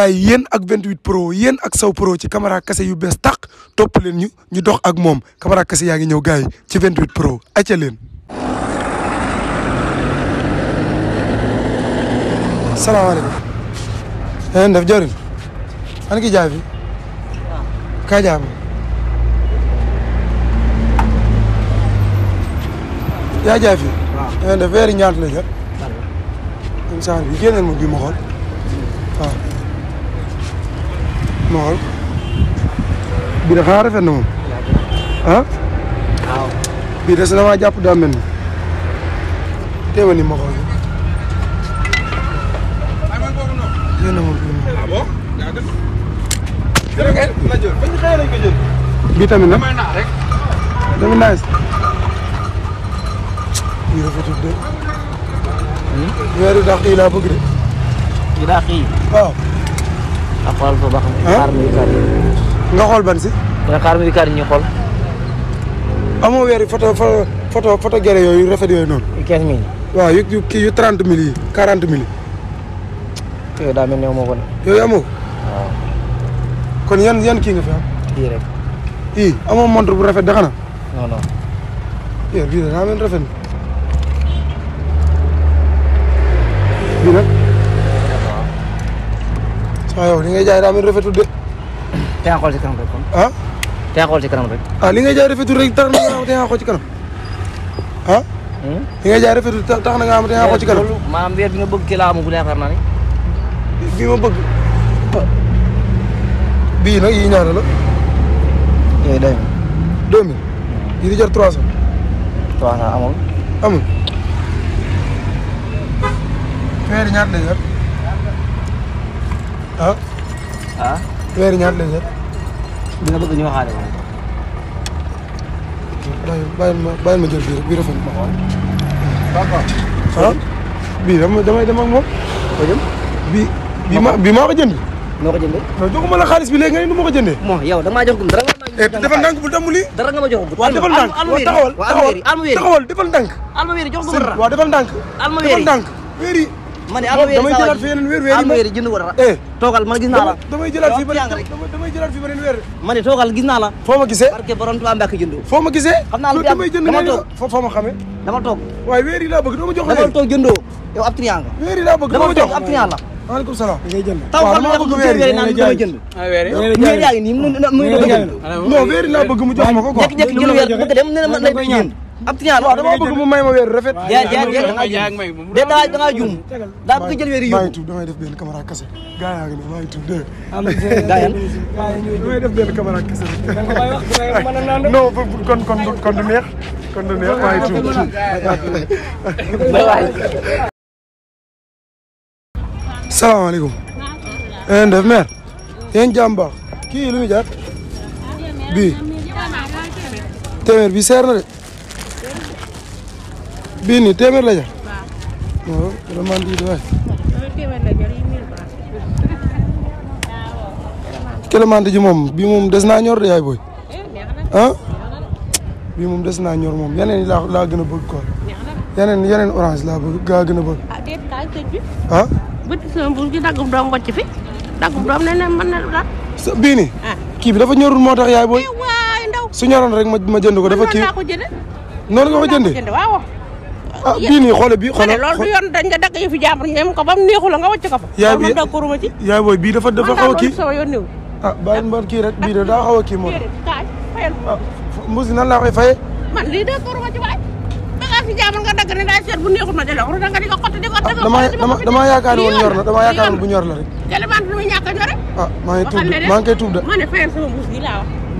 gars yi yéen ak 28 pro yéen ak saw pro ci caméra kase yu bees tàq topp leen ñu ñu dox ak moom caméra kase yaa ngi ñëw gars yi ci 28 pro acca leen. salaamaaleykum. na eh, ngeen def jëriñ. man ki jaay fi. kaa jaay ma. yaa jaay fii. waaw da eh, ngeen def weer yi ñaata la jot. incha allah génneel ma bii ma xool waaw. ma xool bii de xanaa rafet na moom ah. waaw bii de si damaa jàpp daa ni teewal ni ma xool yéen a moom. Ah bii tamit nag tamit naa yées. bii rafetul de. Hmm? weer yu dàq yi laa bëgg de. yu dàq yi nga xool ko nga xool ban si. nga xaar milikaar yi ñuy xool. amoo weer yi photo photo photo gere yooyu rafet yooyu noonu. yu 15000. waaw yu yu kii yu 30000 yi 40000 yi. yooyu daa mel ne moo ko yooyu amoo. kon yan yan kii nga fi am. ii amoo montre bu rafet dax na non non. yooyu bii da daa mel rafet li ngay jaay daa mel rafetul de. te xool si kanam rek kon. ah. te xool si kanam rek. ah li ngay jaay rafetul rek tax na nga xam te xool ci kanam ah. Hmm? li ngay jaay rafetul tax na nga xam te xool ci kanam. Eh, maanaam weer bi nga bëgg ci laa amagul yaakaar naa ne. bii ma bëgg. bii nag yii ñaata la. yooyu day deux mille yi di jar trois cent. trois cent amul. amul. weer yi ñaata lay jar ah. ah. weer ñaar lañ yor. dina bëgg ñu waxaale ma. bàyyi bàyyi ma bàyyi ma jël bii rek bii rafet na. waaw. bii dama damay dem ak moom. bii. bii ma bii maa ko jënd. noo ko jëndee. non joxuma la xaalis bi léegi nga ne du ma ko jëndee. bon yow da nga maa jox dara nga ma jox eh, defal ndànk bul damm lii. dara nga ma jox waaw defal ndànk waaw taxawal taxawal taxawal defal ndànk. alma wéri jox ko dara waaw defal ndànk. alma wéri defal ndànk wéri mane ne jëlaat fi yeneen wér wér a eh. toogal man gis naa la damay jëlaat fi damay jëlaat fi beneen toogal gis naa la foo ma gisee parce que borom Tuubaa Mbàkke jënd foo la dama toog foo ma xamee dama toog waaye wér yi laa bëgg dama jox la dama toog jëndoo yow ab triant nga la maaleykum salaam ngay jënd taw xam nga ko wér yi naan ah, mu ngi doon jënd ah, non wér yi laa bëgg mu jox ma ko quoi jékki ma lay ab tiñaan waaw dama bëgg mu may ma weer rafet. yaa yaa yaa ngi may de da nga juum daa bëgg jël weer yu maa ngi tuub damay def benn caméra kase gaa yaa ngi ne maa ngi tuub dégg nga gaa damay def benn caméra kase non kon kon kon du neex kon du neex maa ngi tuub salaamaaleykum een def meer yéen jàmm baax kii lu muy jaar bii téeméer bi seer na de bii nii téeméer la jar. waaw ji moom bii moom des naa ñor de yaay booy. Eh, ah bii moom des naa ñor moom yeneen laa laa gën a bëgg quoi yeneen yeneen orange laa bëgg gaa gën a bëgg. ah déet ah? Ah. kii bi dafa ñorul moo tax yaay booy. Eh, su ñoroon rek ma ma jënd ko dafa kii. noonu nga ko jëndee. ah bii nii xoolal bii xoolal loolu du yoon dañ nga dagg yëfu jàmbur ñem ko ba mu neexu la nga wàcc ko fa yaay bi d'accorduma ci bii dafa dafa xaw a kii sama yoon néew ah bàyyi mbar kii rek bii de daa xaw moo ah, mbuusi nan laa koy faye man lii d'accorduma ci waay bagage fi jàmbur nga dagg ne di ko xotti di ko ah, dama dama woon ñor na dama yaakaar bu ñor la rek tellement lu ah, maa ngi koy tuub de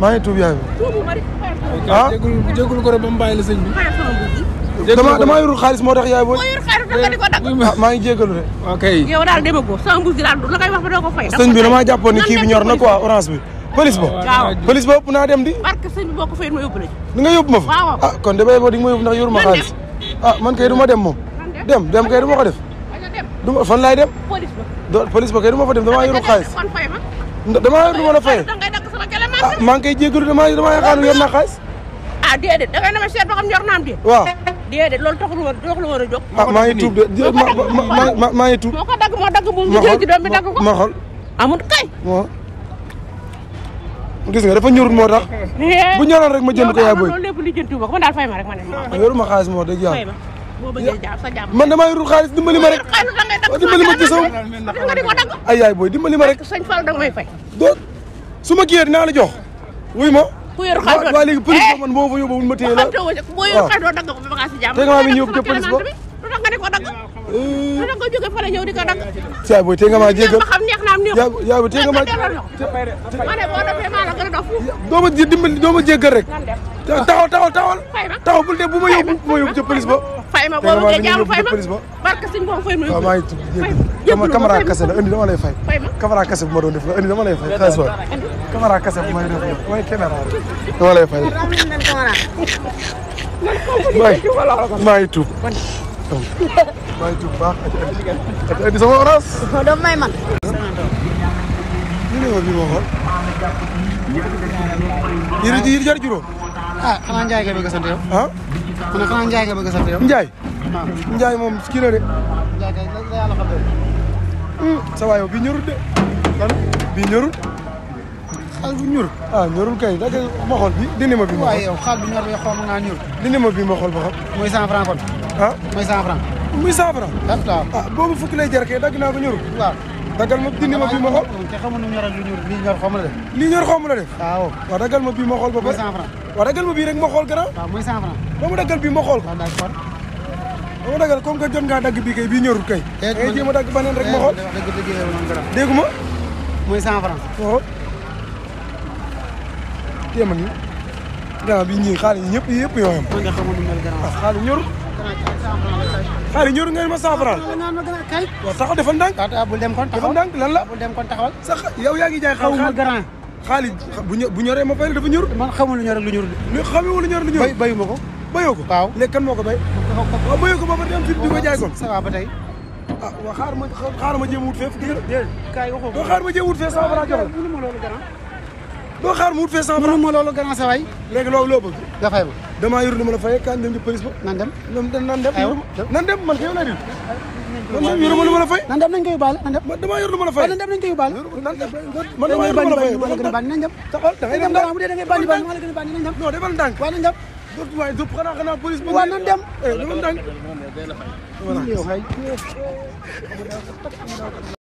maa ngi tuub yaay bi ah ko rek ba dama dama yorul xaalis moo tax yaay booy. boo yorul xaalis naka di ko dagg. Ah, maa ngi jégalu de. ok yow daal demagoo sama mbuus gi la koy wax ba doo ko bi damaa jàppoon ni kii bi na quoi orange bi. police ba police ba ëpp dem di. barke ma yóbbu nga yóbbu ma fa waaw ah, kon de bay boo di nga ma yóbbu ndax yoruma xaalis. Ah, man kay du ma dem moom. dem dem kay du def. du ma dem. police ba doo police ba kay du ma dem damaa yorul xaalis. damaa yor du ma la fayee. ah maa ngi koy jégalu damaa damaa na ma seet déedéet loolu taxul woon taxul woon a jóg. maa ngi tuub de ma ma ma maa ngi tuub. moo ko dagg moo dagg bu mu jël ci doom bi dagg ko ma xool amul kay. waaw gis nga dafa ñorul moo tax. Eh. bu ñoroon rek ma jënd ko yaay booy. loolu lépp li jënd tuuba ko man daal fay ma rek ma ne ma. yoruma xaalis moo dëgg yàlla fay ma. boo bëggee jàpp sa jàmm man damaa yorul xaalis dimbali ma rek. xaalis da ngay dagg dimbali ma ci sama. ay yaay booy dimbali ma rek. sëñ Fall da nga may fay. doo su ma kiyee dinaa la jox wuy ma ku yor xaalis waaw léegi police eh! man moo fa yóbbu ma téye la boo yor xaalis doo dagg ko ba bagage jàmm nga mi ñëw ca police ba lu tax nga ne ko dagg lu tax nga jóge fa la ñëw di ko dagg neex naam neex yaa booy tey nga maa ma a rek taxaw taxaw taxawal. fay ma taxaw bul de bu ma yóbbu bu ma yóbbu ca police ba. fay ma boobu nga jaamu fay ma barke suñ boobu fay ma yóbbu. Ah, waaw maa ngi tudd jéggi camara kase la indi dama lay fay. fay ma camara kase bu ma doon def la indi dama lay fay. xaalis ba camara kase bu ma doon def mooy caméra dama lay fay. maa ngi tuub maa ngi tuub baax. indi sama orange. doo may man. ñu ne ma bii ma xool. yéen a ngi jar juróom. ah xanaa Ndiaye nga bëgg a sant yow. ah. mu ne xanaa Ndiaye nga bëgg a sant yow. Ndiaye. waaw ah. Ndiaye moom kii la de. Ndiaye kay la yàlla xam de. Hmm, sa waay yow bii ñorul de. lan bii ñorul. xaal ah da ngay ma bi dindi ma bi ma xool. ma bi ma ba xam. muy cent franc kon. ah muy cent franc. muy cent franc. Ah, boobu fukki lay jar kay dagg naa ba ñorul. daggal ma dindi ma bii ma xool. te xamuñu ñor ak lu ñor lii ñor xaw ma la def. lii ñor xaw ma la def. waaw bii ba pare. waaw daggal ma bii rek ma xool gën a. waaw mooy 100 francs. ba mu daggal ma xool. waaw d'accord. ba mu daggal comme que jot ngaa dagg bii bii ñorul kay. Eh, déet ma jéem a dagg beneen rek ma xool. dégg ma. mooy 100 francs. waaw. téeméer yi. gannaaw bi ñii xaalis ñëpp yëpp yoo xam. waaw xaalis ñorul. xaari ñëru ngeen ma cent franc ah, waaw taxaw defal ndànk bul dem kon taxaw defal ndànk lan la bul dem kon taxawal sax yow yaa gi jaay xaw ma grand xaalis bu ñoree ma fay dafa ñor man xamul lu ñor ak lu ñor lu xamul lu ñor lu ñor bayu ma ko bayoo ko waaw moo ko bay waaw bayoo ko ba ba dem fi di ko jaay kon ça va ba tey ah waaw xaar ma xaar ma jéem wut fee dégg nga kaay waxoo ko xaar ma jéem wut fee cent franc joxal doo xaar mu wut fee sama. mënuma loolu gannaaw sa loolu loo bëgg. nga fay ma. damaa ba. nan dem nan dem. aywa nan dem di. man man nan dem nan dem. man damaa yor nan dem nañ koy yóbbaale. nan dem man damaa yor nan dem